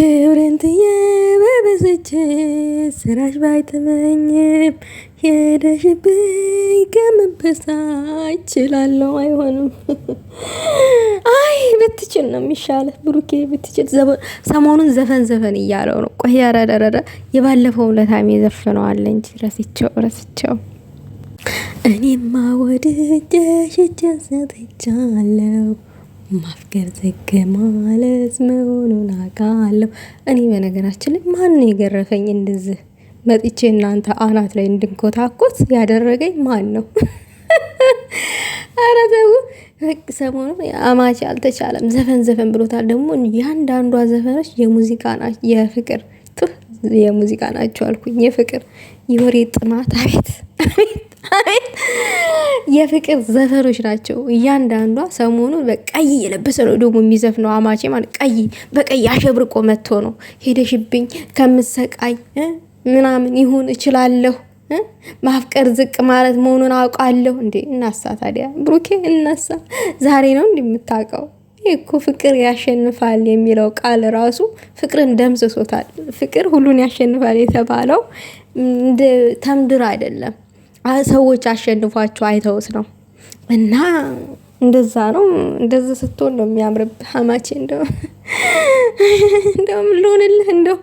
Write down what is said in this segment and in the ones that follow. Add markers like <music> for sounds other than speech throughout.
ክብርን ትዬ በብስጭት ስራሽ ባይተመኝም የደሽብኝ ከመበሳች እችላለሁ። አይሆንም። <laughs> አይ ብትችል ነው የሚሻለ ብሩኬ፣ ብትችል ሰሞኑን ዘፈን ዘፈን እያለው ነው። ቆይ ያረረረ የባለፈው ለታሚ ዘፍነዋል እንጂ ረስቸው ረስቸው። እኔማ ወድጀሽ እጄን ሰጥቻለሁ ማፍቀር ዝግ ማለት መሆኑን አውቃለሁ። እኔ በነገራችን ላይ ማን ነው የገረፈኝ እንደዚህ መጥቼ እናንተ አናት ላይ እንድንኮታኮት ያደረገኝ ማን ነው? ኧረ ተው። ሰሞኑን አማቼ አልተቻለም ዘፈን ዘፈን ብሎታል። ደግሞ ያንዳንዷ ዘፈኖች የሙዚቃ ናቸው የፍቅር የሙዚቃ ናቸው አልኩኝ። የፍቅር የወሬ ጥማት አቤት የፍቅር ዘፈኖች ናቸው እያንዳንዷ። ሰሞኑን በቀይ የለበሰ ነው ደግሞ የሚዘፍነው አማቼ ማለት ቀይ በቀይ አሸብርቆ መጥቶ ነው ሄደሽብኝ ከምሰቃይ ምናምን ይሁን እችላለሁ ማፍቀር ዝቅ ማለት መሆኑን አውቃለሁ። እንዴ እናሳ ታዲያ ብሩኬ እናሳ ዛሬ ነው እንደምታውቀው እኮ ፍቅር ያሸንፋል የሚለው ቃል ራሱ ፍቅርን ደምስሶታል። ፍቅር ሁሉን ያሸንፋል የተባለው እንደ ተምድር አይደለም፣ ሰዎች አሸንፏቸው አይተውት ነው እና እንደዛ ነው። እንደዛ ስትሆን ነው የሚያምርብህ። አማቼ እንደው እንደው ምን ልሆንልህ፣ እንደው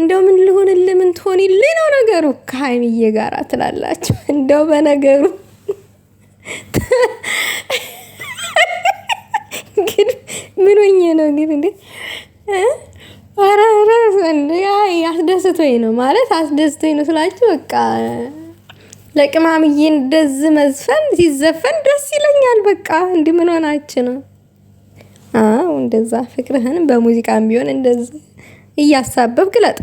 እንደው ምን ልሆንልህ፣ ምን ትሆንልህ ነው ነገሩ ከሀይሚዬ ጋር ትላላችሁ። እንደው በነገሩ እንዴት እንዴት አስደስቶኝ ነው ማለት አስደስቶኝ ነው ስላችሁ በቃ ለቅማምዬ እንደዚህ መዝፈን ሲዘፈን ደስ ይለኛል። በቃ እንዲህ ምን ሆናችሁ ነው? አዎ እንደዛ ፍቅርህን በሙዚቃም ቢሆን እንደዚህ እያሳበብ ግለጥ።